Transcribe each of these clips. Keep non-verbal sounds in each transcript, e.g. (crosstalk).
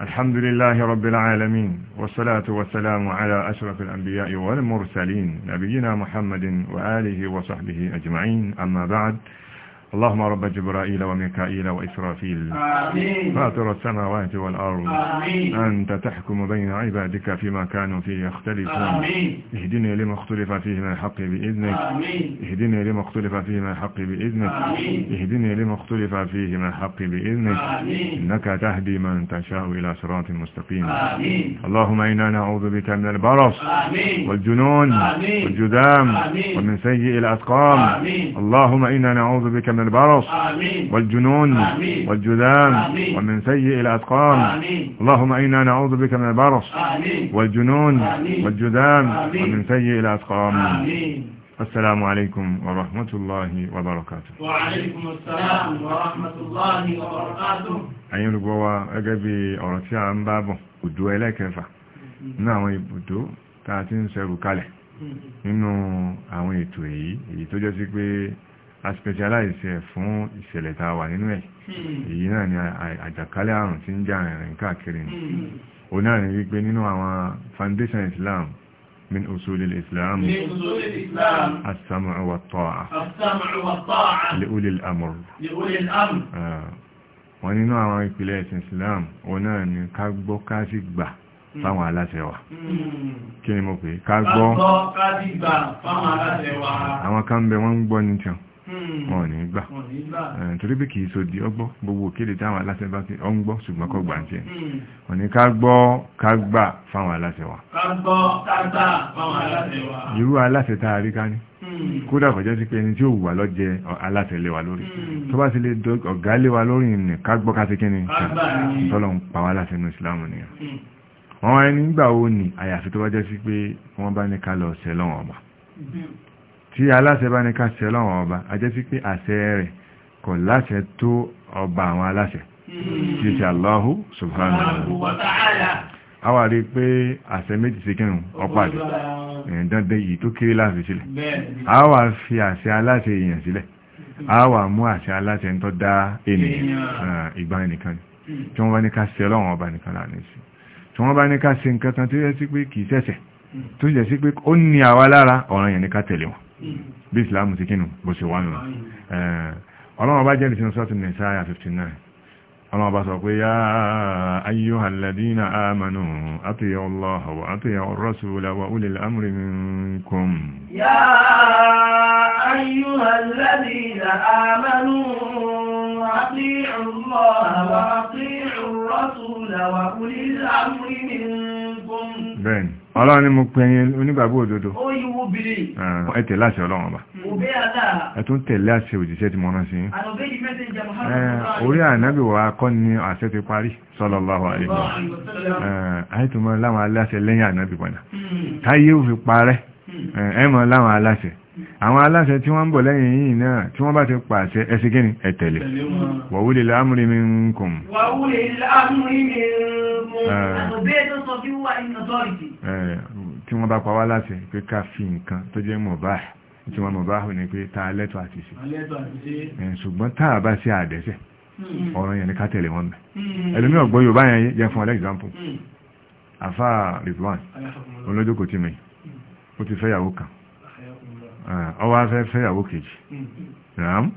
الحمد لله رب العالمين والصلاة والسلام على أشرف الأنبياء والمرسلين نبينا محمد وآله وصحبه أجمعين أما بعد اللهم رب جبرائيل وميكائيل وإسرافيل آمين فاطر السماوات والأرض آمين أنت تحكم بين عبادك فيما كانوا فيه يختلفون آمين اهدني لما اختلف فيه من الحق بإذنك آمين اهدني لما اختلف فيه من الحق بإذنك آمين اهدني لما اختلف فيه من الحق بإذنك آمين إنك تهدي من تشاء إلى صراط مستقيم آمين اللهم إنا نعوذ بك من البرص آمين والجنون آمين والجذام آمين ومن سيء الأسقام آمين اللهم إنا نعوذ بك من البرص والجنون والجذام ومن سيء الأتقان اللهم إنا نعوذ بك من البرص والجنون والجذام ومن سيء الأتقان السلام عليكم ورحمة الله وبركاته وعليكم السلام ورحمة الله وبركاته أيها الأخوة أجابي أورتي أم بابه بدو إلى كيفا نعم بدو tá a كالي ń أمي توي nínú àwọn ètò a specialize ẹ̀ fún ìṣẹ̀lẹ̀ tá a wà nínú ẹ̀ hmm. èyí náà ni àjàkálẹ̀ àrùn tí ń jà rìnrìn káàkiri ni o hmm. náà ni wípé nínú àwọn foundation Islam min usulil Islam as wa taa li ulil amr ah. wọ́n nínú àwọn ìpìlẹ̀ ẹ̀sìn Islam o náà ni ká gbọ́ ká sì gbà hmm. fáwọn aláṣẹ wa kí ni mo pè ká gbọ́ ká sì gbà fáwọn aláṣẹ wa àwọn kan bẹ wọ́n ń gbọ́ ní tiwọn Hmm. wọn ò ní gbà eh, torí bí kìí so di ọgbọ́ gbogbo òkèdè táwọn aláṣẹ bá ti ọ ń gbọ́ ṣùgbọ́n kọ́ gbà ń tiẹ̀ òní hmm. ká gbọ́ ká gbà fáwọn aláṣẹ wa irú aláṣẹ tá a ká ní hmm. kódà kọjá sí pé ẹni tí ó wà lọ́jẹ́ aláṣẹ lé wa lórí tó bá sì lè ọ̀gá lé wa lórí ní ká gbọ́ ká sí kíni tọ́lọ̀ ń pa wá láti inú ìsìlámù nìyàn wọ́n wá ní gbà ó ní àyàfi tó bá jẹ́ sí pé wọ́n bá ní ká lọ sẹ́lọ́wọ̀n ọba tí aláṣẹ bá ní ká ṣe lọ́wọ́n ọba ajẹ́ sí pé àṣẹ rẹ̀ kò láṣẹ tó ọba àwọn aláṣẹ hmm. tí ṣe Allahu subhanahu wa ta'ala a wà rí pé àṣẹ méjì sí kírùn ọpàdé ìrìndọ́dẹ yìí tó kéré láàfin sílẹ̀ a wà fi àṣẹ aláṣẹ èèyàn sílẹ̀ a wà mú àṣẹ aláṣẹ ń tọ́ dá ènìyàn ah, ìgbà ẹnìkan hmm. tí wọ́n bá ní ká ṣe lọ́wọ́n ọba nìkan láàrin sí tí wọ́n bá ní ká ṣe nǹkan kan tó yẹ sí pé kìí ṣẹ̀ṣẹ̀ hmm. tó yẹ sí pé ó ní àwa lára ọ̀ràn yẹn ní ká tẹ̀lé wọn bí islam ti kínú bó ṣe wà nù ọlọ́run bá jẹ́ ìsinmi sọ́tún ní sáyà 59 ọlọ́run bá sọ pé yá ayyuhal ladina amanu atiyu allaha wa atiyu ar-rasula wa ulil amri minkum yá ayyuhal ladina amanu atiyu allaha wa atiyu ar-rasula wa ulil amri ọlọ́run ni mo pẹ̀yìn onígbàgbọ́ òdodo ó yíw Ah, ẹ tẹ̀lé àṣẹ ọlọ́run ọba ẹ tún tẹ̀lé àṣẹ òjíṣẹ́ tí mo rán sí eh, orí ànábì wa kọ́ ni àṣẹ ti parí sallallahu alaihi wasallam àìtùmọ̀ eh, láwọn aláṣẹ lẹ́yìn ànábì padà hmm. táyé ò fi parẹ́ hmm. eh, ẹmọ láwọn aláṣẹ àwọn aláṣẹ tí wọ́n ń bọ̀ lẹ́yìn yìí náà tí wọ́n bá ti pàṣẹ ẹsì gíní ẹ tẹ̀lé wa uli al-amri minkum wa uli al-amri minkum tí wọ́n bá pa wá láti pé ká fi nǹkan tó jẹ́ mọ̀báà tí wọ́n mọ̀báà ní pé ta lẹ́tọ̀ àti ṣe ṣùgbọ́n tá a bá ṣe àdẹ́sẹ̀ hmm. ọ̀rọ̀ yẹn ni ká tẹ̀lé wọn bẹ̀ hmm. ẹlòmí ọ̀gbọ́n Yorùbá yẹn yẹ fún example afa hmm. Ridwan olójókòó tí mi ó ti fẹ́yàwó kan ọwọ́ afẹ́ fẹ́yàwó kejì ram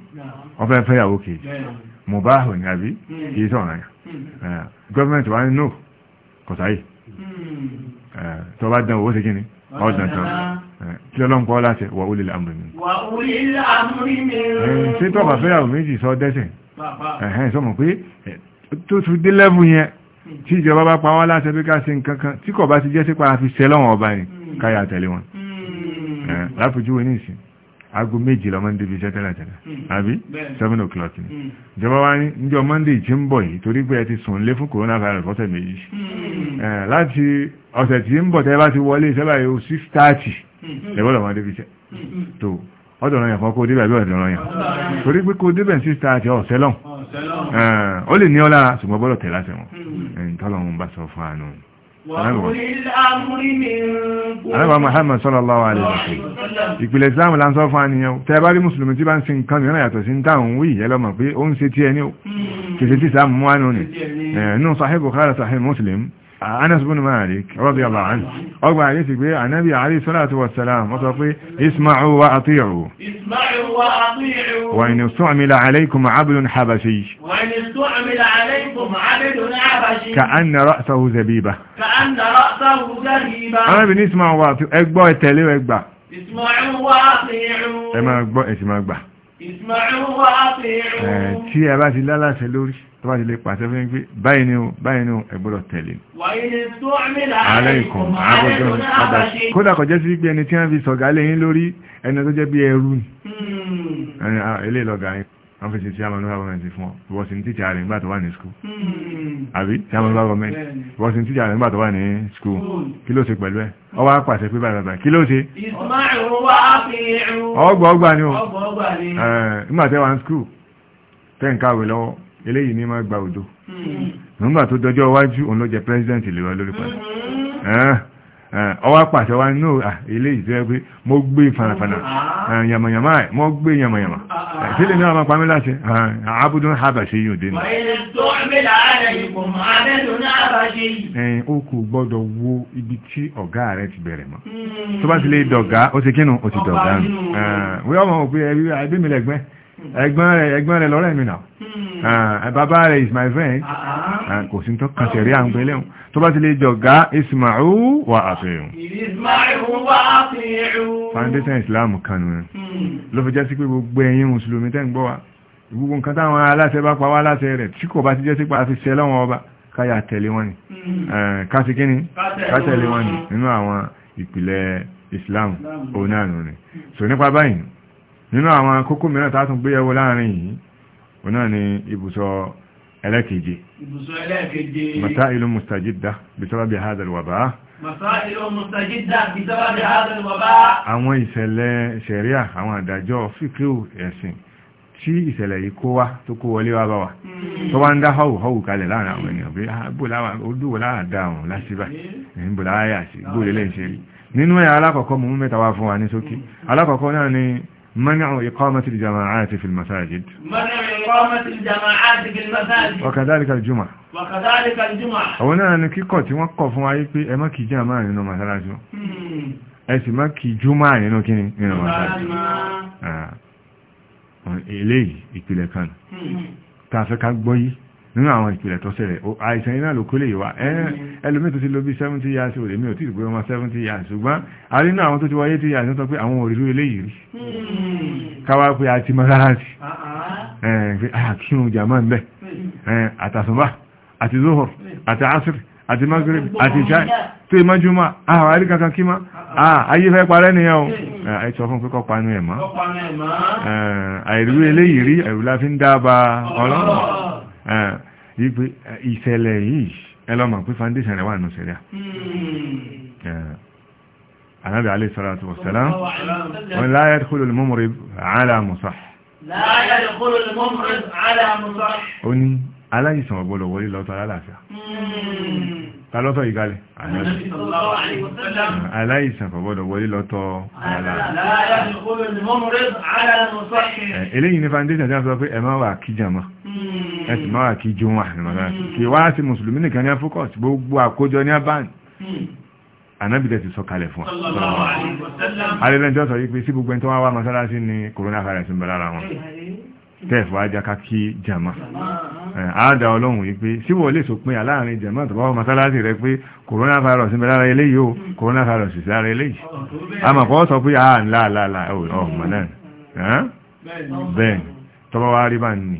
ọfẹ́ fẹ́yàwó kejì mọ̀báà ní àbí kìí sọ̀rọ̀ yẹn gọ́ọ̀mẹ̀ntì tó bá dán owó sí kí ni ọ̀dàn tán tí ọlọ́run pọ́ láti wà ó lè lámùrí mi. wà ó lè lámùrí mi. ṣé tó bá fẹ́yàwó méjì sọ dẹ́sẹ̀ ẹ̀hẹ́n sọ mọ̀ pé tó tún dé lẹ́bù yẹn hmm. tí ìjọba bá pa wọ́n láti pé ká ṣe nǹkan kan tí kò bá ti jẹ́ sípa àfi sẹ́lọ́wọ̀n ọba ni hmm. káyà tẹ̀lé wọn. Hmm. lápòjúwe ní ìsìn aago méjì lọ monday bíi sẹ́tẹ́lẹ̀ tẹ́lẹ̀ àbí seven o'clock ni ìjọba wa ní njọ monday tí ń bọ̀ yìí torí pé ẹ ti sùn lé fún coronavirus fọ́sẹ̀ méjì Eh, láti ọ̀sẹ̀ tí ń bọ̀ tẹ́ bá ti wọlé iṣẹ́ báyìí ó sí stáàtì lẹ́gbọ́dọ̀ mm-hmm. máa débi iṣẹ́ mm-hmm. tó ọdọ̀ ọ̀rọ̀ yẹn kan kó débẹ̀ bí ọ̀dọ̀ ọ̀rọ̀ yẹn mm-hmm. torí pé kó débẹ̀ sí stáàtì ọ̀sẹ̀ lọ́n ó lè ní ọlá ṣùgbọ́n gbọ́dọ̀ tẹ̀ láti wọn sallallahu alaihi wasallam. Ìpìlẹ̀ Islam la ń sọ fún àníyàn. Tẹ́ bá rí Mùsùlùmí tí bá ń sin nǹkan mìíràn yàtọ̀ sí ń dáhùn wí ìyẹ́lọ́mọ̀ pé ó ń ṣe tí ẹni Kìí ṣe tí Islam mú wá nù ní. Nínú Sahih Bukhari Muslim, أنس بن مالك رضي الله عنه أربع حديث كبير عن النبي عليه الصلاة والسلام وتطيع اسمعوا وأطيعوا اسمعوا وأطيعوا وإن استعمل عليكم عبد حبشي وإن استعمل عليكم عبد حبشي كأن رأسه زبيبة كأن رأسه زبيبة أنا بن اسمع وأطيعوا أكبا التاليو اسمعوا وأطيعوا أما أكبا اسمعوا وأطيعوا يا الله لا تلوري tó bá ti lè pàṣẹ fún pé báyìí ni o báyìí ni o ẹ gbọ́dọ̀ tẹ̀lé aláìkùn àbọ̀jọ́ àbàṣì kódà kò jẹ́ sí pé ẹni tí wọ́n fi sọ̀gá lẹ́yìn lórí ẹni tó jẹ́ bí ẹrú ilé ìlọ́gà yìí wọ́n fi ṣe tí àmàlú gọ́ọ̀mẹ̀ntì fún ọ ìwọ sì ń tíjà rẹ̀ nígbà tó wà ní skul hmm. àbí tí àmàlú gọ́ọ̀mẹ̀ntì ìwọ sì ń tíjà rẹ̀ nígbà tó wà ní skul hmm. kí ló ṣe pẹ̀lú ẹ̀ ọ wá pàṣẹ pé bàbà kí ló ṣe ọgbà ni ó nígbà tẹ́ wà ní skul tẹ́ lọ́wọ́ eléyìí ní máa gba òjò hmm. nígbà tó dọjọ́ iwájú òun ló jẹ president lè wá lórí padà ọwá hmm. pàṣẹ wá nínú ah, eléyìí tó yẹ pé mo gbé fanafana hmm. yàmàyàmà ẹ̀ mo gbé yàmàyàmà ìtílé ah. ní ọmọ pàmílá ṣe àbúdún àbàṣe yìí òdé ní ó kò gbọ́dọ̀ wo ibi tí ọ̀gá rẹ̀ ti bẹ̀rẹ̀ mọ́ tó bá ti lè dọ̀gá ó ti kínú ó ti dọ̀gá ẹgbẹ́ rẹ̀ lọ́rẹ̀ mi náà Ah, eh, bàbá rẹ̀ is my friend ah, ah. kò sí tó kàn sẹ̀rí à ń pẹ̀lẹ́ wọn tó bá ti lè jọ gá isma'u wa ati'u foundation islam kan nù hmm. ló fi jẹ́ sí pé gbogbo ẹ̀yin mùsùlùmí tẹ́ ń gbọ́ wa gbogbo nǹkan táwọn aláṣẹ bá pa wá láṣẹ rẹ̀ tí kò bá ti jẹ́ sí pé a fi ṣẹ lọ́wọ́ ọba káyà tẹ̀lé wọn ni hmm. eh, kásì kíni kátẹ̀lé wọn ni nínú àwọn ìpìlẹ̀ islam onáà nù ni so nípa báyìí nínú àwọn kókó mìíràn tá a tún gbéyẹ̀wò láàrin yìí òun náà ni ibùsọ̀ ẹlẹ́kẹ̀je ibùsọ̀ ẹlẹ́kẹ̀je masailu mustajidda bisababi hadha alwaba masailu mustajidda bisababi hadha alwaba àwọn ìṣẹ̀lẹ̀ ṣẹ̀ríà àwọn àdájọ́ fíkíù ẹ̀sìn tí ìṣẹ̀lẹ̀ yìí kó wá tó kó wọlé wá bá wa hmm. tó wá ń dá họ́wù họ́wù kalẹ̀ láàrin àwọn ènìyàn pé olúwo láàdá àwọn lásìbà ẹ̀yìn bò láyà sí gbóòlé lẹ́yìn إقامة الجماعات في المساجد وكذلك الجمعة وكذلك الجمعة هنا أنا كيكو تي وقف معي في أما كي جماعة نو مثلا شو أسي ما كي جمعة نو كيني نو مثلا eléyìí ìpìlẹ̀ kan hmm. tá a fẹ́ ká gbọ́ yìí nínú àwọn ìpìlẹ̀ tó ṣẹlẹ̀ àìsàn iná ló kó lè wá hmm. ẹlòmí tó ti lo bí 70 years old èmi ò tí ìgbé ọmọ 70 years ṣùgbọ́n a rí nínú àwọn tó ti wáyé tí yà sọ pé àwọn òrìrú eléyìí rí hmm. káwá pé a ti mọ́ rárá sí ah, ah. Eh, ah, kírun jàmá ń bẹ̀ eh, àtàsùnbà àti zuhur àti asir àti magrib àti ìṣá tó ìmá jùmọ́ àwọn àrí kankan kí má ayé fẹ́ parẹ́ nìyàn o eh, ẹ sọ fún pípọ́ panu ẹ̀mọ́ àìrú eléyìí rí ẹ̀rù la fi ń dába ọlọ́run ìṣẹ̀lẹ̀ yìí ẹlọ́mọ̀ pé foundation rẹ̀ wà nù sẹ̀ríà anábì alẹ́ sọ́rọ̀ àti wọ̀sẹ̀lá wọn láyé ó ní aláìsàn ọ̀gbọ́dọ̀ wọlé lọ́tọ̀ alálàáfíà hmm. ta lọ́tọ̀ ìgalẹ̀ aláìsàn ọ̀gbọ́dọ̀ wọlé lọ́tọ̀ alálàáfíà eh, eléyìí ní foundation tí a sọ pé ẹ má wà kí jàmá hmm. ẹ sì má wà kí jùmọ̀ kí wá sí mùsùlùmí nìkan ní focus gbogbo àkójọ ní abáyìn hmm anábìdẹ̀ ti sọ kalẹ̀ fún alẹ́lẹ́jọ́ sọ wípé sí gbogbo ẹni tó wá wá mọ́sálásí ni coronavirus ń bẹ lára wọn tẹ́ẹ̀fù ajáká kí jama àádá ọlọ́run yìí pé síwọ̀ lè sòpin aláàrin jama tó bá wọ́n mọ́sálásí rẹ pé coronavirus ń bẹ lára eléyìí o coronavirus sí lára eléyìí àmọ̀kọ́ sọ pé àà ah, ńlá àlàlà ọ̀mọ̀ náà bẹ́ẹ̀ tọ́bọ̀ wá rí bá ń ní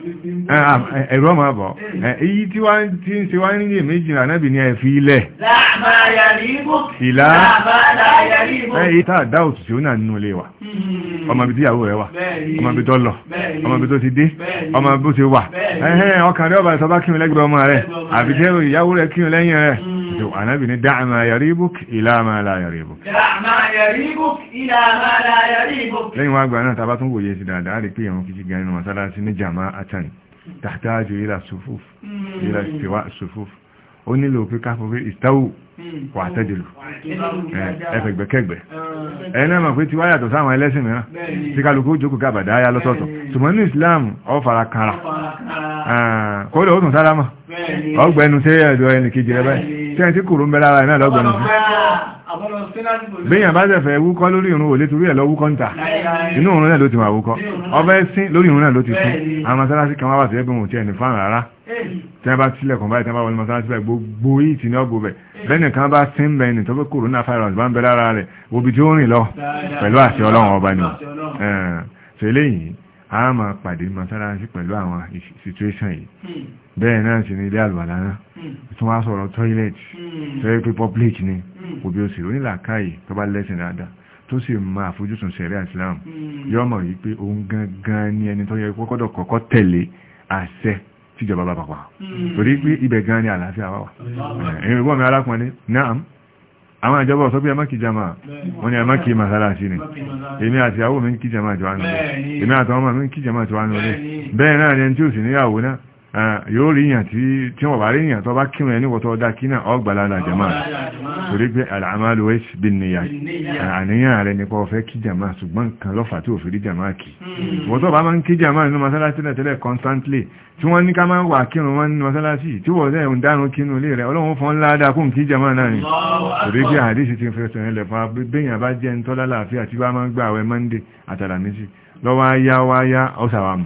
Eh, ah, eh, ẹ̀rọ ọmọ àbọ̀ hmm. eh, èyí tí wá ti ń ṣe wá ní èyí méjì ànábì ní ẹ̀fí ilẹ̀ ìlà èyí tá àdá òtútù náà nínú ilé wa hmm. ọmọbi tí ìyàwó rẹ̀ wà ọmọbi tó lọ ọmọbi tó ti dé ọmọbi tó ti wà ọkàn rẹ̀ ọba ìsọba kírun lẹ́gbẹ̀ẹ́ ọmọ rẹ̀ àbí tẹ́ ìyàwó rẹ̀ kírun lẹ́yìn rẹ̀ hmm. ànábì ní dá àmà yàríbùk ìlà àmà là yàríbùk lẹ́yìn wá gbà náà tàbá tún wòye sí dáadáa rí pé ìrun kìí gan inú masára sí ní jàmá àtàní tàtàjù ilà sùfúf ilà ìsìwà sùfúf ó nílò pé ká fún pé ìstáwù wà tẹ́jìlù ẹfẹ̀gbẹ̀kẹ́gbẹ̀ ẹ̀nà mọ̀ pé tí wáyà tó sáwọn ẹlẹ́sìn mìíràn tí kálukú jókòó gàbàdá ayá lọ́tọ̀ọ̀tọ̀ ṣùgbọ́n ní Islam ọ fara kanra kó lè ó tún sálámà ọgbẹ́nu tẹ́yẹ̀ ẹ̀dọ́ ẹnìkejì rẹ báyìí tí ẹ ti kòrò ń bẹ lára iná lọ́gbọ̀n ní. béèyàn bá tẹ̀fẹ̀ wúkọ́ lórí irun òlé torí ẹ̀ lọ wúkọ́ ń ta inú òun náà ló ti wà wúkọ́ ọbẹ̀ sí lórí irun náà ló ti sún àwọn mọ́sálásí kan wá wà síbẹ̀ bí wọn ò tiẹ̀ ní fáwọn rárá tí wọ́n bá tilẹ̀kùn báyìí tí wọ́n bá wọlé mọ́sálásí báyìí gbogbo yìí ti ní ọgbó bẹ̀ bẹ́ẹ̀ni kan bá sí ń bẹ́ẹ̀ni tó bẹ́ kòrónà ń a máa pàdé mọ́sálásí pẹ̀lú àwọn situation yìí hmm. bẹ́ẹ̀ náà sì ní ilé àlùwàlá náà hmm. tún wá sọ̀rọ̀ toilet hmm. toilet pé public ni kò bí o sì onílàákàyè tó bá lẹ́sìn dáadáa tó sì máa àfojúsùn sẹ̀rẹ́ Islam yọ́ mọ̀ yìí pé òun gangan ni ẹni tó yẹ kọ́kọ́dọ̀ kọ́kọ́ tẹ̀lé àṣẹ tíjọba bàbá pa torí pé ibẹ̀ gan ni àlàáfíà wà wà ẹ̀rùn bọ́ mi arákùnrin náà àwọn ìjọba ọ̀sọ́ bí ẹ mọ́kí jama wọ́n ni ẹ mọ́kí masalasi ni èmi àti àwọ̀ mi ń kí jama jọ wá nílé èmi bẹ́ẹ̀ náà ni ẹni tí ó sì níyàwó náà Ah, yóò rí yàn tí wọ́n bá rí yàn tó bá kírun ẹni wọ́tọ́ ọdá kí náà ọgbàlára jama torí pé al'amalu wais bin niyyah àníyàn rẹ̀ nípa ọ̀fẹ́ kí jama ṣùgbọ́n kan lọ́fà tí ò fi rí jama kí hmm. wọ́tọ́ bá máa ń kí jama nínú masalasi tẹ́lẹ̀ constantly tí wọ́n ní ká máa wà kírun wọn nínú masalasi tí wọ́n tẹ́ ń dánú kínú ilé rẹ̀ ọlọ́run fọ́n ládàá kún kí jama náà ni torí pé àdísì ti fẹsẹ̀ rẹ̀ lẹ̀fà bẹ́yàn bá jẹ́ ń tọ́lá láàfíà tí wọ́n máa ń gbà àwẹ̀ monday àtàlàmísì lọ́wọ́ ayá wáyá ọ̀sàwàmù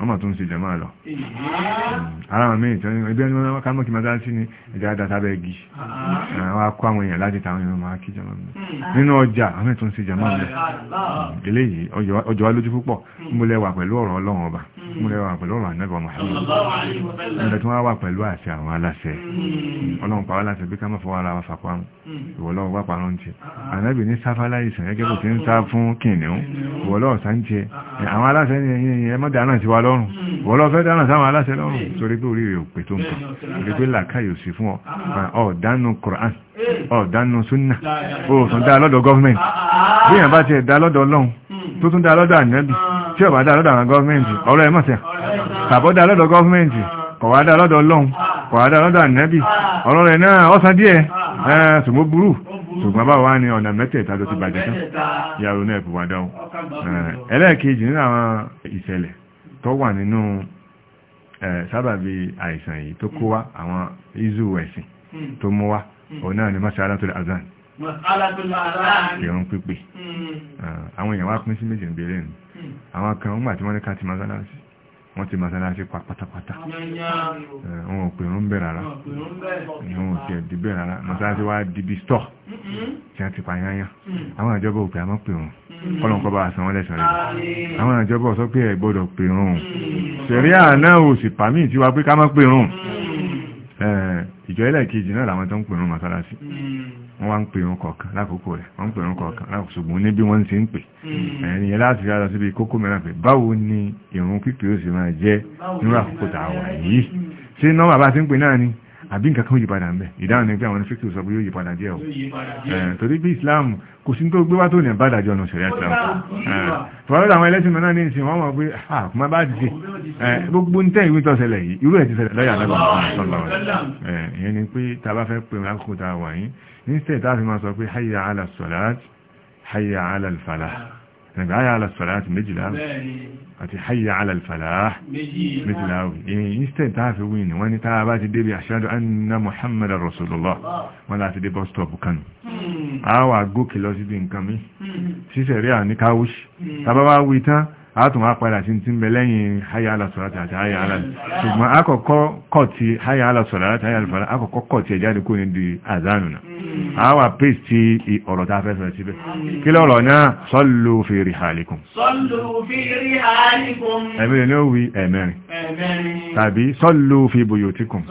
ọmọ tó ń ṣe jẹ̀mọ́ lọ hmm. ara wọn mí ìtọ́ ẹgbẹ́ ní wọ́n ká mọ́kí máa sí ní ẹ̀dẹ́ àdásábẹ́ igi àwọn akọ àwọn èèyàn láti tàwọn èèyàn máa kí jẹ̀mọ́ mi hmm. nínú ọjà àwọn ètò ń ṣe jẹ̀mọ́ mi gẹ́lẹ́ ọjọ́ wa lójú púpọ̀ múlẹ̀ hmm. wà pẹ̀lú ọ̀rọ̀ ọlọ́run ọba múlẹ̀ wà pẹ̀lú ọ̀rọ̀ anẹ́gbọ̀n àwọn aláṣẹ pa wá láṣẹ bí ká má fọwọ́ ara wa fàkọ́rùn ìwọ̀lọ́run wá parọ́ ń tiẹ̀ ah, ah. ànábì ní sáfá láìsàn gẹ́gẹ́ bó ti ń sá ah, fún kìnìún ìwọ̀lọ́run sá ń dáràn sí wa lọ́rùn mm. wọ́n lọ fẹ́ dáràn sáwọn aláṣẹ lọ́rùn mm. torí pé orí rẹ̀ ò pè tó nǹkan torí pé làkàyò sí fún ọ ah. ọ̀dánù Qur'an ọ̀dánù súnà òòsùn dá lọ́dọ̀ gọ́ọ̀mẹ̀ntì ah, ah, bí èèyàn bá ti ẹ̀dá lọ́dọ̀ Ọlọ́run mm. tó tún dá lọ́dọ̀ ànábì tí ọ̀bá dá lọ́dọ̀ àwọn gọ́ọ̀mẹ̀ntì ọ̀rọ̀ ẹ̀ mọ̀sẹ̀ tàbọ̀ dá lọ́dọ̀ gọ́ọ̀mẹ̀ntì kọ̀wá dá lọ́dọ̀ Ọlọ́run kọ̀wá dá lọ́dọ̀ ànábì ọ̀rọ̀ rẹ̀ náà ọ̀sán díẹ̀ ẹ̀ eh, ṣùgbọ́n burú ṣùgbọ́n bá wá ní ọ̀nà mẹ́tẹ̀ẹ̀ta ló ti bàjẹ́ tán yàrá náà ìpòwàdá ohun ẹlẹ́ẹ̀kejì nínú àwọn ìṣẹ̀lẹ̀ tó wà nínú sábàbí àìsàn yìí tó kó wá hmm. àwọn izu ẹ̀sìn hmm. tó mú wá hmm. òun náà ni masala tó azan ìrun pípè àwọn èèyàn wá pín sí méjì ń bèèrè nù àwọn kan ń gbà tí wọ́n ní ká ti wọ́n ti masalasi pa pátápátá wọn ò pèrún bẹ̀ rárá wọn ò tiẹ̀ di bẹ̀ rárá masalasi wa di bi stọ̀ mm-hmm. tí a ti pa yányá mm-hmm. àwọn àjọba òpè àmọ́ pèrún mm-hmm. kọ́lọ̀kọ́ bá àsán lẹ́sàn rẹ̀ àwọn àjọba ọ̀sọ́ pé ẹ̀ gbọ́dọ̀ pèrún ṣẹ̀rí àná òsì pàmì tí wa pé ká má pèrún ìjọ ẹlẹ́ẹ̀kejì náà làwọn tó ń pèrún mọ́sálásí hmm. wọ́n wá ń pèrún kọ̀ọ̀kan lákòókò rẹ̀ wọ́n ń pèrún hmm. kọ̀ọ̀kan lákòókò ṣùgbọ́n ní bí wọ́n ṣe ń pè hmm. ẹ̀yìn láti rí ara síbi kókó mìíràn pé báwo ni ìrun kíkì ó sì máa jẹ́ nírú àkókò tàwa yìí ṣé nọ́mbà bá ti ń pè náà ni àbí nǹkan kan yípadà ń bẹ ìdáhùn ni pé àwọn fíkì sọ pé yóò yípadà díẹ̀ o torí pé Islam kò sí tó gbé wá tó ní àbádàjọ ọ̀nà ṣẹ̀rẹ̀ Islam fọ́lọ́dọ̀ àwọn ẹlẹ́sìn mẹ́rin ní ìsìn wọ́n mọ̀ pé àkùnmá bá ti ṣe gbogbo ń tẹ́ ìwé tó ṣẹlẹ̀ yìí irú ẹ̀ ti ṣẹlẹ̀ lọ́yà lọ́gbà ìyẹn ni pé ta àti hayya ala al-falah méjìláwì instead tàà fi wí ní wọ́n ní tàà bá ti débi ashhadu anna muhammad rasulullah hmm. wọ́n láti dé bus stop kanu hmm. a wà gòkè lọ sí bí nǹkan mi sísẹ̀rí hmm. à ní káwùsì tàbá wá wí tán àátùn wá padà sí ti ń bẹ lẹ́yìn háyà alásọ̀láta àti háyà alásọ̀láta ti háyà alásọ̀láta àti háyà alásọ̀láta àkọ́kọ́ ti ẹ̀jáde kó ní di àzánù náà àwa pèsè ti ọ̀rọ̀ tá a fẹ́ fẹ́ síbẹ̀ kí lọ́rọ̀ náà sọ́lù fi rihalikum ẹ̀mẹ́rin ni ó wí ẹ̀mẹ́rin tàbí sọ́lù fi buyutikum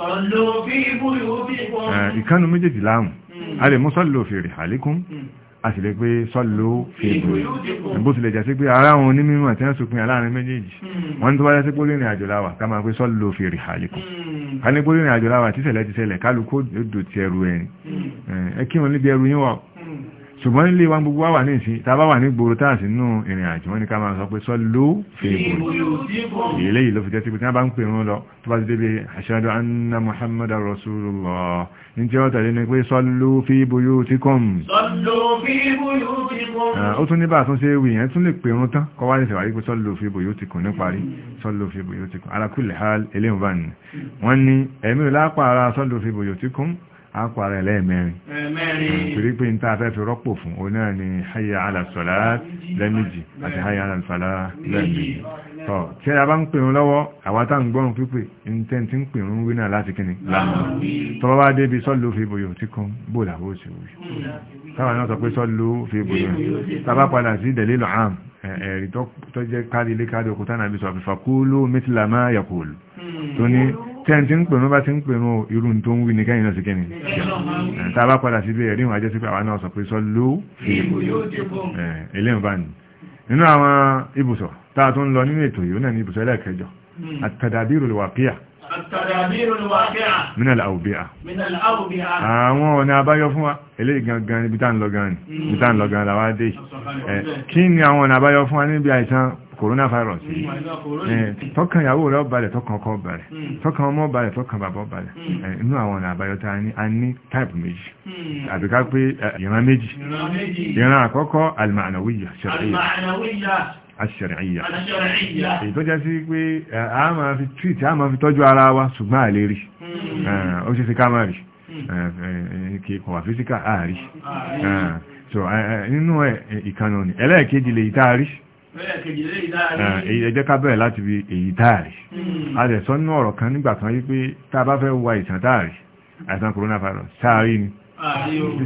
ìkánu méjèèjì láàmù hmm. a lè mú sọ́lù fi rihalikum hmm a sì lè pé sọ́lù fèèbò bó tilẹ̀ jẹ́ sí pé ara wọn ní mímọ̀ tí wọ́n sùpin aláàrin méjèèjì hmm. wọ́n tó bá jẹ́ sí pé lórin àjò láwà ká máa pé sọ́lù fèrè àlékún hmm. ká ní pé lórin àjò láwà tíṣẹ̀lẹ̀ tíṣẹ̀lẹ̀ kálukó dòdò ti ẹrù ẹ̀rin hmm. ẹ kí wọn níbi ẹrù yín ṣùgbọ́n ilé wa gbogbo wà ní ìsìn tàbá wà ní gbòòrò táàsì nínú ìrìn àjò wọn ni ká máa sọ pé sọ́lú fèèbò ilé yìí ló fi jẹ́ tí wọ́n bá ń pè rún lọ tó bá ti débi ashadu anna muhammad rasulullah ní tí ó tẹ̀lé ni pé sọ́lú fi buyutikum ó tún ní bá tún ṣe wì yẹn tún lè pè a parẹ́ lẹ́ẹ̀mẹ́rin torí pé ní tàbí fi rọ́pò fún o náà ni hayya ala salat lẹ́mìjì àti hayya ala falah lẹ́mìjì tọ́ tí a bá ń pèrún lọ́wọ́ àwátá ń gbọ́n pípè ní tí ń pèrún wí náà láti kíni lánàá tọ́ bá débi sallu fi buyutikum bóòlà ó sì wù táwọn náà sọ pé sallu fi buyutikum hmm. tàbá tẹ́ntí ń pèrún bá ti ń pèrún irú tó ń wí ní kẹ́yìn náà sí kẹ́ni tá a bá padà sí bẹ́ẹ̀ ríhùn ajẹ́ sí pé àwọn náà sọ pé sọ ló eléyìn bá ní nínú àwọn ibùsọ̀ tá a tún lọ nínú ètò yìí ó náà ní ibùsọ̀ ẹlẹ́ẹ̀kẹjọ àtàdàbírò lè wà píà min al-awbi'a àwọn ọ̀nà àbáyọ fún wa eléyìí ni ibi coronavirus yìí eh, tọ́kàn ìyàwó rẹ̀ ọ̀balẹ̀ tọ́kàn ọkọ ọ̀balẹ̀ hmm. tọ́kàn ọmọ ọ̀balẹ̀ tọ́kàn bàbá ọ̀balẹ̀ hmm. eh, inú àwọn ọ̀nà àbáyọta a ní type méjì hmm. àbí ká pé eh, ìran méjì ìran àkọ́kọ́ alìmọ̀ànàwíyà aṣẹ̀rẹ̀ẹ́yà èyí tó jẹ́ sí pé a máa fi treat a máa fi tọ́jú ara wa ṣùgbọ́n àlérí ó ṣe fi ká máa rí kí kọ̀wà físíkà àárí so nínú ẹ̀ ìkànnà ní ẹlẹ́ẹ̀kejì lè ẹ jẹ́ ká bẹ̀rẹ̀ láti fi èyí táàrí a rẹ̀ hmm. sọ nínú ọ̀rọ̀ kan nígbà kan yí pé tá bá fẹ́ wa ìsàn táàrí àìsàn coronavirus sáàrí ni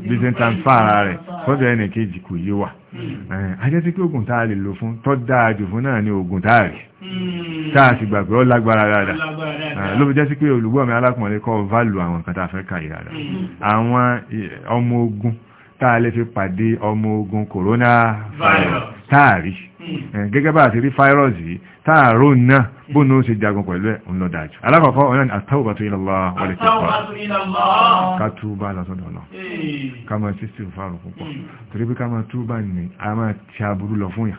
bí ṣe ń tan fára rẹ̀ fọ́dọ̀ ẹnì kejì kò yé wa hmm. a jẹ́ sí pé oògùn tá a lè lò fún tọ́ dáa jù fún náà ni oògùn táàrí tá hmm. sì gbàgbé ọ lágbára dáadáa ló fi jẹ́ sí pé olùgbọ́ mi alákùnrin kọ́ válù àwọn nǹkan tá a fẹ́ kà yìí dáadáa àwọn ọmọ ogun tá lè fi pàdé ọmọ ogun coronavirus táàrí Hmm. Eh, gẹ́gẹ́ bá àti rí fáírọ́ọ̀sì yìí táàrò náà bó ní ó ṣe jagun pẹ̀lú ẹ̀ ń lọ dájú alákọ̀ọ́kọ́ ọ̀nà ni àtàwùbàtò ìlàlá wọlé tẹ́kọ̀ọ́ ká túbá lọ́sọ́dọ̀ náà hmm. ká máa sí sí òfààrù púpọ̀ hmm. torí pé ká máa ní a máa ti aburú lọ fún yà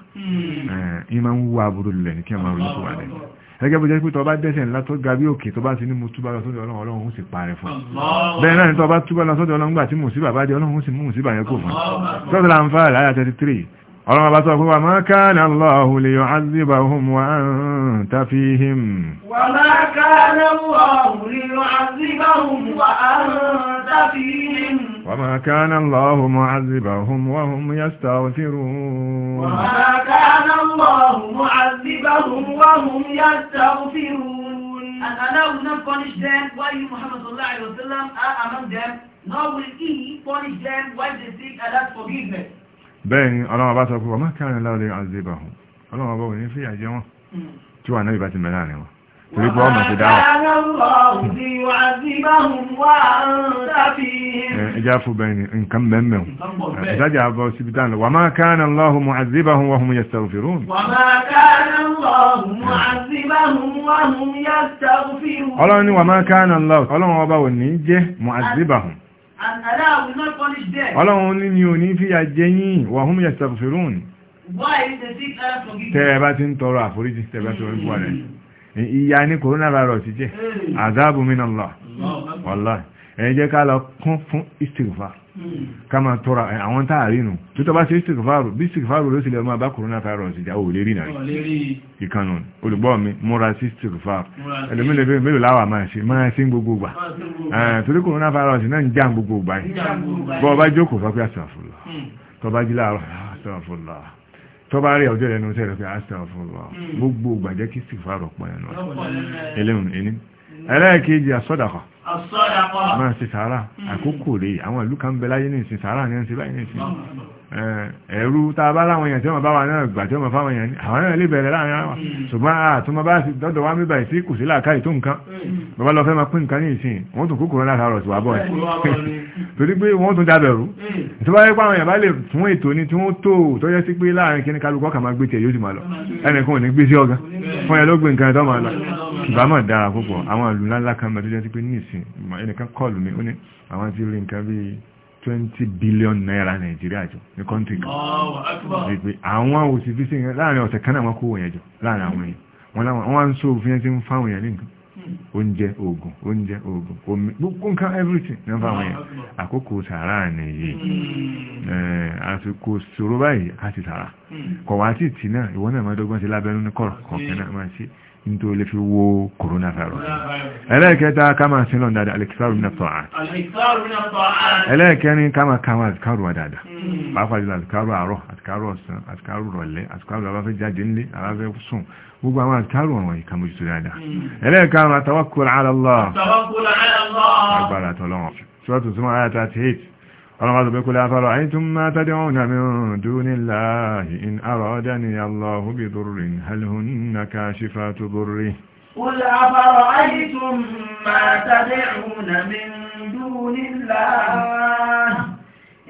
eh, gẹ́gẹ́ bó jẹ́ pé tọba dẹ́sẹ̀ ńlá tó ga òkè tó bá ní mo túbá lọ sọ́dọ̀ ọlọ́run ọlọ́run sì parẹ́ fún bẹ́ẹ̀ náà ni tọba túbá lọ sọ́dọ̀ ọlọ́run gbà tí mo sí bàbá dé ọlọ́run sì mú sí bàyẹn kò fún tọ́tọ̀ láǹfà láyà 33 ọlọ́run bá sọ fún wa ma kana Allahu liyu'adhibahum wa anta fihim wa ma kana Allahu liyu'adhibahum wa anta fihim wa ma kana Allahu mu'adhibahum wa hum yastaghfirun wa ma kana Allahu mu'adhibahum wa hum yastaghfirun and Allah will not punish them while you Muhammad sallallahu alaihi wasallam are among them nor will he punish them while they seek Allah's forgiveness bẹ́ẹ̀ ni ọlọ́wọ́ bá sọ pé ọmọ kẹrin láwọlé àzíbà hù ọlọ́wọ́ bá wọ́n ní fíyà jẹ wọn tí wà náà ìbá ti mẹ́lá rẹ̀ wọn torí pé ọmọ ti dáwà ẹjá fún bẹ́ẹ̀ ni nǹkan mẹ́mẹ́ ìtajà àbọ̀ síbi dáná wà máa kánà lọ́hù mú àzíbà hù ọba wò ní jẹ́ mú àzíbà Allah will not punish them. Ọlọ́run ní ni ò ní fìyà jẹ yín, wa hum yastaghfirun. Why they seek Allah's forgiveness? Tẹ́ ẹ bá ti ń tọrọ àforíjì, tẹ́ ẹ bá ti wọ́n fún ọ̀rẹ́. Ìyà ni coronavirus jẹ́, hmm. azabu min Allah. Wallahi. Ẹ jẹ́ ká lọ kún fún istighfar ká máa tọrọ àwọn tá a rí nù tó tọ́ bá ṣe sìkìfàrù bí sìkìfàrù ló sì lè máa bá corona virus ìjà ò lè rí nà rí ìkànnù olùgbọ́ mi múra sí sìkìfàrù ẹlòmí lè mélòó láwà máa ṣe máa ṣe ń gbogbo gbà torí corona virus náà ń já gbogbo gbà yìí bọ́ ọba jókòó sọ pé àṣàfùlọ hmm. tọba jí láàárọ̀ àṣàfùlọ tọba rí ọjọ́ ìrẹnu sẹ́rẹ̀ pé àṣàfùlọ hmm. gbogbo gbàjẹ́ kí sìkìfàrù pọ̀ ẹlẹ́ẹ̀kejì àsọ́dàkà máa ṣe sàárà àkókò rèé àwọn ìlú kan bẹ láyé ní ìsìn sàárà ní ẹ̀sìn báyìí ní ìsìn ẹ̀rú tá a bá láwọn èèyàn tí wọ́n bá wà náà gbà tí wọ́n fáwọn èèyàn àwọn náà lè bẹ̀rẹ̀ láàrin àwọn ṣùgbọ́n àtúnmọ́ bá sì dọ́dọ̀ wá mẹ́bà ìsí kù sí làákàyè tó nǹkan bàbá lọ fẹ́ máa pín nǹkan ní ìsìn wọ́n tún kókòrò láta rọ̀ síwá bọ́ ẹ̀ (laughs) torí pé wọ́n tún dábẹ̀rú tó bá yẹ pé àwọn èèyàn bá lè fún ètò ni tí wọ́n tó tó yẹ sí pé láàrin kíní kálukọ́ kà máa gbé tiẹ̀ yóò sì máa lọ ẹnìkan ò ní gbé sí ọ̀gá fún ẹ ló gbé nǹkan tó máa lọ ìbámọ̀ dára púpọ̀ àwọn ìlú ńláńlá kan bẹ̀rẹ̀ jẹ́ sí pé ní ìsìn ẹnìkan kọlù mi ó àwọn ti rí nǹkan bíi twenty billion naira nàìjíríà jọ ní kọ́ńtì kan àwọn òsìfísì láàrin ọ̀sẹ̀ kan náà wọ́n kó wọ̀nyẹn jọ láàrin àwọn èèyàn wọn láwọn wọn ń sọ òfin ẹni tí ń fáwọn èèyàn ní hmm. oúnjẹ oògùn oúnjẹ oògùn omi gbogbo nǹkan everything ní fáwọn èèyàn àkókò sàárà nìyí hmm. àsìkò ṣòro báyìí á ti sàárà hmm. kọ̀wá sì tì náà ìwọ náà máa dọ́gbọ́n sí lábẹ́nú ní kọ̀ọ̀kan náà máa ṣe nítorí olè fi wo coronavirus ẹlẹ́ẹ̀kẹta kama sílọ̀ dáadáa alẹ́kẹsàrù ní ọ̀tọ̀ àti ẹlẹ́ẹ̀kẹrin kama kama àtikárù wa dáadáa hmm. pàápàá jùlọ àtikárù àárọ̀ àtikárù ọ̀sán àtikárù rọ̀lẹ́ àtikárù abáfẹ́ jáde nílé abáfẹ́ sùn gbogbo àwọn àtikárù ọ̀rọ̀ yìí kama jùlọ dáadáa ẹlẹ́ẹ̀kẹrin àtàwákùrù àlọ́lọ́ agbára tọ́lọ́wọ́ رغض بكل أفرأيتم ما تدعون من دون الله إن أرادني الله بضر هل هن كاشفات ضره قل أفرأيتم ما تدعون من دون الله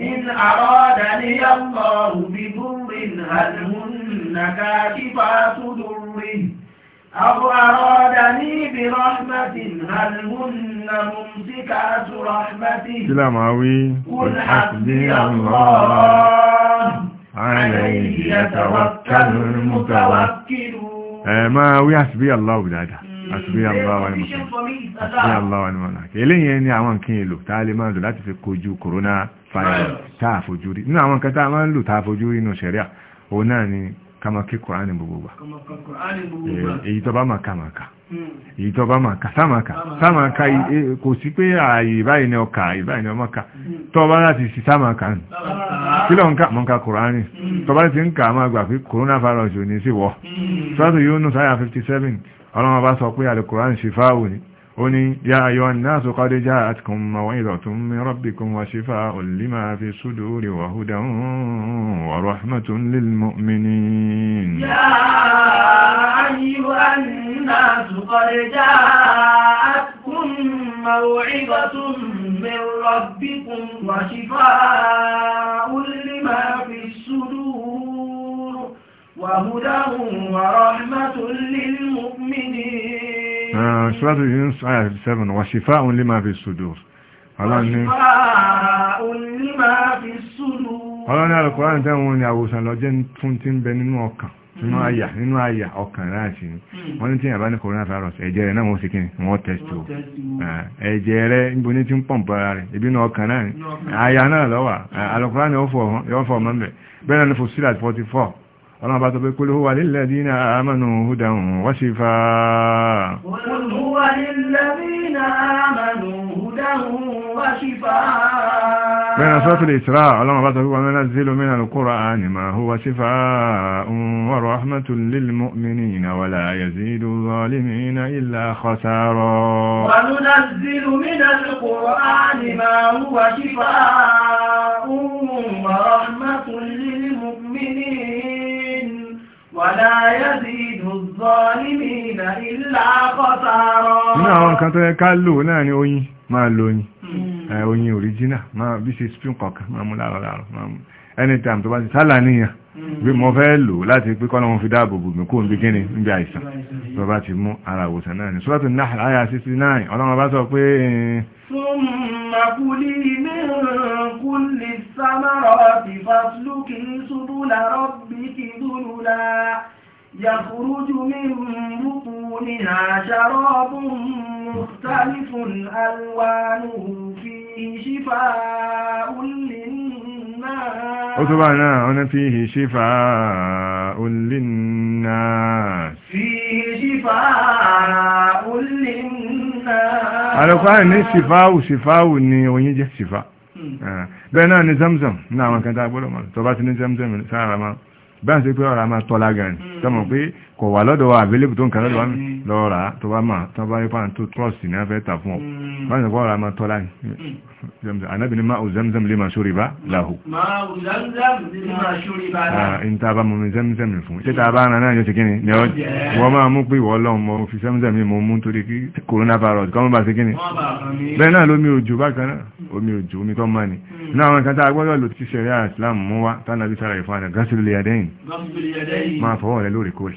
إن أرادني الله بضر هل هن كاشفات ضره أو أرادني برحمة هل هن ممسكات رحمته قل حسبي الله عليه يتوكل المتوكلون ما وي حسبي الله بدادا حسبي الله ونعم حسبي الله ونعم الوكيل eléyìn ni àwọn nǹkan èlò tá a lè máa lò láti fi kojú corona virus tá a fojú rí nínú àwọn nǹkan tá a máa ń lò tá a fojú rí nínú ṣẹ̀ríà òun náà ni kama kikurani kùránì wa èyí tó bá màkà màkà hmm. èyí tó bá màkà sámàkà sámàkà kò sí pé ààyè báyìí ni ọkà ìbáyìí ni ọmọkà hmm. tó bá láti sí sámàkà nì kí lọ ń kà mọ́ka kùránì tó bá ti ń kà máa gbà pé coronavirus ò ní sí wọ́ hmm. sọ́tù Yunus àyà 57 ọlọ́mọba sọ pé àlè kùránì fáwọn ni قل يا أيها الناس قد جاءتكم موعظة من ربكم وشفاء لما في الصدور وهدى ورحمة للمؤمنين يا أيها الناس قد جاءتكم موعظة من ربكم وشفاء لما في الصدور وهدى ورحمة للمؤمنين ṣúlátù Yunus àyà 57 wà ṣífà òun lè máa fi sudur ọlọ́ni alùkùránì tẹ́wọ́n ni àwòsàn lọ́jẹ́ tún ti ń bẹ nínú ọkàn nínú hmm. àyà nínú àyà ọkàn láti hmm. wọ́n ní tí ìyàbá ní coronavirus ẹ̀jẹ̀ rẹ̀ náà wọ́n sì kíni wọ́n tẹ́sítò ẹ̀jẹ̀ rẹ̀ níbo tí ń pọ̀m̀pọ̀ ara rẹ̀ ibi náà ọkàn náà ni àyà náà lọ́wà alùkùránì yóò fọ̀ ọmọ mẹ́ bẹ́ẹ̀ náà ní fòsílà 44 ربط بكل هو للذين آمنوا هدى وشفاء قل هو للذين آمنوا هدى وشفاء من صوت الإسراء علم بطل ومنزل من القرآن ما هو شفاء ورحمة للمؤمنين ولا يزيد الظالمين إلا خسارا وننزل من القرآن ما هو شفاء ورحمة للمؤمنين Wàlá yazidu az-zalimina illa khasara. Nínú àwọn nǹkan tó yẹ ká lò náà ni oyin, máa lo oyin. Hmm. Eh, oyin Anytime tó bá ti bí mo fẹ́ lò láti pé kọ́nà wọn fi dáàbò bò mí kó ń bí kíni níbi àìsàn tó bá ti mú ara ìwòsàn náà ní Suratu Nahl àyà 69 ọlọ́run bá sọ pé ثم كلي من كل الثمرات فاسلكي سبل ربك ذللا يخرج من بطونها شراب مختلف ألوانه فيه شفاء ó tó bá náà ó ní fíhì ṣífà olínà fíhì ṣífà olínà alùpáà ní ṣífáù ṣífáù ni oyin jẹ́ ṣífà bẹ́ẹ̀ náà ni zamzam náà àwọn kan tá gbọ́dọ̀ mọ̀ tó bá ti ní zamzam sára máa bá pé ọ̀rọ̀ máa tọ́lá gan kò wà lọ́dọ̀ wa àbílẹ̀bù tó ń kan lọ́dọ̀ wa mm. lọ rà á tó bá mà tó bá yípa tó trọ́ọ̀sì ní afẹ́ tà fún ọ mm. bá ní ọ̀rọ̀ àmọ́ tọ́lá ní mm. anábì ní máa zamzam lè máa ṣórí bá láhù. máa zamzam lè máa ṣórí bá láhù. Ah, ní ta bá mú mi zamzam fún ṣé ta bá ara náà yóò ṣe kí ni ni ọ wọ́n máa mú pé ìwọ ọlọ́run mo fi zamzam yìí mo mú torí kí coronavirus kọ́ mọ́ bá ṣe kí kan tá a gbọ́dọ̀ lò ti ṣẹ̀rí àìsílámù mú wa tánàbí sára ìfọ̀n àdàgásílẹ̀ yàdẹ́yìn máa fọwọ́ rẹ lóòrèkóòrè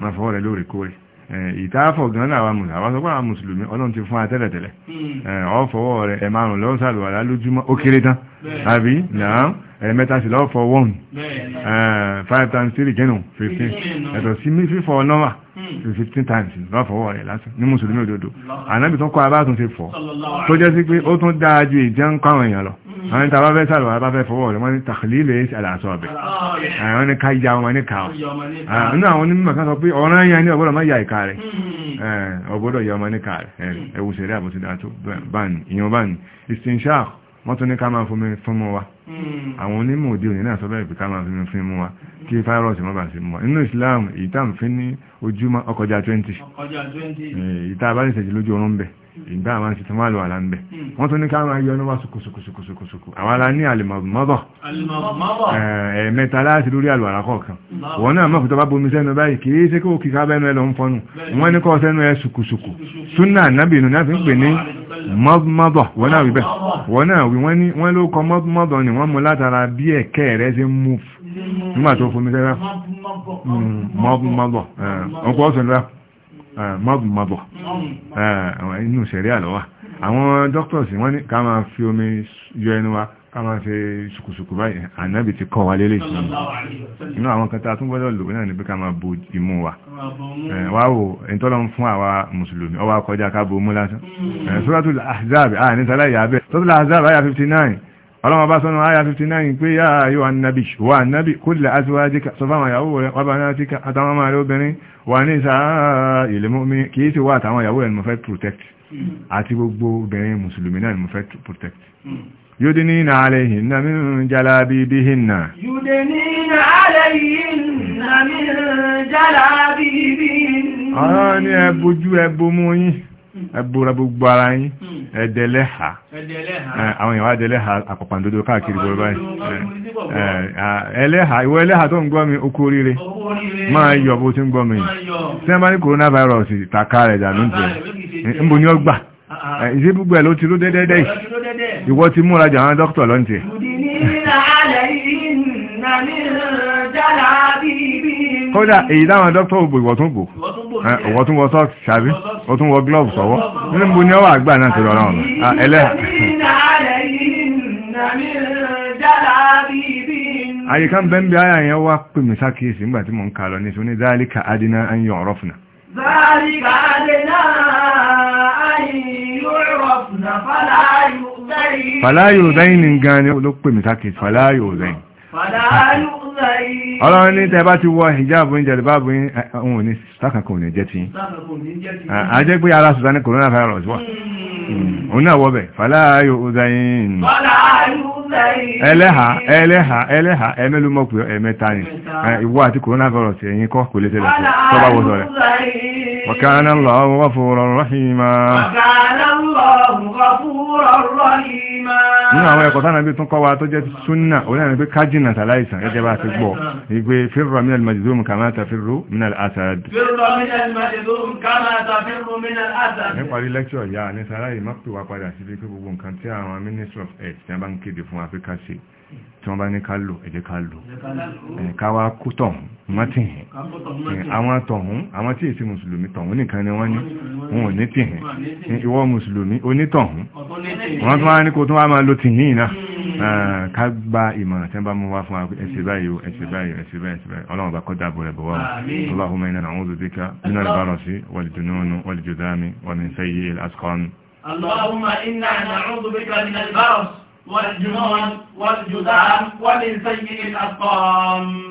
máa fọwọ́ rẹ lóòrèkóòrè eh, ìtaáfọ̀ gan náà àwọn àwọn sọpọ̀ àwọn mùsùlùmí ọlọ́run ti fún atẹ́lẹ̀tẹ́lẹ̀ hmm. eh, ọ̀fọwọ́ rẹ ẹ̀ márùn lọ́sàlùwàlá lójúmọ́ ó kéré tán àbí náà ẹ̀ẹ̀mẹ́ta sí lọ́fọ̀ one five times three kẹ́nu fifteen ẹ̀tọ̀ sí mi fífọ̀ nọ́wà hmm. fifteen times lọ́fọ̀wọ́ rẹ̀ lásán ní mùsùlùmí òdodo ànábì tó kọ́ abátún ti fọ̀ tó jẹ́ sí pé ó tún dáa ju ìjẹ́ ń kọ́ àwọn èèyàn lọ hmm. àwọn ìta bá fẹ́ sàrọ̀ bá fẹ́ fọwọ́ rẹ̀ wọ́n ní tàkìlílẹ̀ àlàsọ̀ ọ̀bẹ̀ àwọn ní ká ya wọn ní káọ̀ nínú àwọn onímọ̀ kan sọ pé ọ̀ràn yẹn ní ọgbọ́dọ̀ má ya ìka rẹ̀ ọgbọ́dọ̀ hmm. ya ọmọ ní ká rẹ̀ ẹ̀wùsẹ̀rẹ̀ àbòsídà tó bá ní ìyọ̀n bá ní istinshaq wọ́n tún ní ká máa fún fún mú wa hmm. àwọn onímọ̀ òde òní náà sọ bẹ́ẹ̀ pé ká máa fún fún mú wa kí fáírọ̀sì má sí mú wa nínú Islam ìta ń fi ní ojúmọ́ ọkọjá 20 ìta bá ní ìṣẹ̀jì lójú oorun bẹ̀ ìgbà àwọn ìṣẹ̀tì máa lọ àlá ń bẹ̀ hmm. wọ́n tún ní ká máa yọ ọlọ́wà sùkùsùkùsùkùsùkù àwọn alá ní àlèmọ̀mọ́bọ̀ eh, ẹ̀ẹ̀mẹ́ta láti lórí àlùwàlá kọ̀ọ̀kan wọ́n náà mọ̀kútọ́ bá bomi sẹ́nu mọ́dọ̀ wọ́n náà wí bẹ́ẹ̀ wọ́n náà wí wọ́n ní wọ́n ló kọ mọ́dọ̀ ni wọ́n mú látara bí ẹ̀kẹ́ rẹ̀ ṣe ń mú nígbà tó fún mi sẹ́rẹ́ hmm, mọ́dọ̀ eh, ọkọ̀ ọ̀sẹ̀ lọ́wọ́ eh, mọ́dọ̀ eh, inú sẹ̀rí àlọ́wà àwọn dókítọ̀sì wọ́n ní ká máa fi omi yọ ẹnu wa kama ṣe ṣùkùṣùkù báyìí ànábì ti kọ́ wa lélẹ̀ ìṣẹ́ inú àwọn kan tá tún gbọ́dọ̀ lò náà ní pé ká máa bo imú wa wá wò ìtọ́lọ ń fún àwa mùsùlùmí ọwá kọjá ká bo mú lásán Suratul Ahzab à ní tàlá ìyá bẹ́ẹ̀ Suratul Ahzab àyà 59 ọlọ́mọ bá sọ́nà àyà 59 pé yá ayò ànábì wà ànábì kul li azwajika sọ fáwọn ìyàwó rẹ̀ wà banatika àtàwọn ọmọ rẹ̀ ni mo protect àti gbogbo obìnrin ni mo protect يدنين عليهن من جلابيبهن يدنين عليهن من جلابيبهن ọ̀rọ̀ ni ẹbójú ẹbómú yín ẹbúra gbogbo ara yín ẹ̀dẹ̀lẹ́ha àwọn èèyàn wá dẹ̀lẹ́ha àpàpàndódó káàkiri gbogbo báyìí ẹlẹ́ha ìwọ ẹlẹ́ha tó ń gbọ́ yọ bó tí ń gbọ́ mi tí ní coronavirus tàkà rẹ̀ dà ń ní ọgbà gbogbo ìwọ ti múra jà àwọn dókítà lọ́ntì. kódà èyí táwọn dókítà ògbò ìwọ tún bò ìwọ tún wọ sọ́ọ̀kì ṣàbí ó tún wọ glove sọ́wọ́ níbo ni ó wà àgbà náà ti lọ́ra ọ̀nà ẹlẹ́hà. àyíká ń bẹ́ ń bí ayà yẹn wá pè mí sákìsì nígbà tí mò ń kà lọ ní sóní dáríkà adínà ń yọ ọ̀rọ̀ fúnà. dáríkà adínà ń yọ ọ̀rọ̀ fúnà fàlàyé fàláyò zẹ́yìn ní gan ni olópè mi sákèjì fàláyò zẹ́yìn ọlọ́run ní tẹ́ bá ti wọ hijab ń jẹ̀lẹ̀ báàbù ohun ní sákàkùn ní jẹ́ ti ajẹ́ pé ara sùsánì coronavirus wọ́n òun náà wọ́bẹ̀ fàláyò ọ̀dáyìn ẹlẹ́ha ẹlẹ́ha ẹlẹ́ha ẹmẹ́lú mọ́ pé ẹ̀mẹ́ta ni ìwọ àti coronavirus ẹ̀yìn kọ́ kò lè tẹ́lẹ̀ tọ́bá wọ́sọ̀ rẹ̀ wàkánà lọ́wọ́ fúrọ̀ nínú àwọn ẹ̀kọ́ tánà bí tún kọ́ wa tó jẹ́ súnà onírin pé kájínà tàláìsàn ẹjẹ́ bá ti gbọ́ ìgbé fírra minal majzum kama tafirru minal asad níparí lẹ́kṣọ̀ yà ní sàráyì mọ́pẹ̀wà padà sí pé gbogbo nǹkan tí àwọn minister of health tí a bá ń kéde fún Áfíríkà sí tí wọ́n bá ní ká lò ẹ̀jẹ̀ ká lò káwá kú tọ̀hún wọ́n tì hìn àwọn tọ̀hún àwọn tí èsì mùsùlùmí tọ̀hún nìkan ni wọ́n ní wọn ò ní tì hìn ìwọ mùsùlùmí onítọ̀hún wọ́n tún wá ní kó tún wá máa lo tì hìn náà hmm. ká gba ìmọ̀ràn tí wọ́n wá fún ẹsẹ̀ báyìí o ẹsẹ̀ báyìí ẹsẹ̀ báyìí ọlọ́run والجنون والجذام ومن سيء الأسقام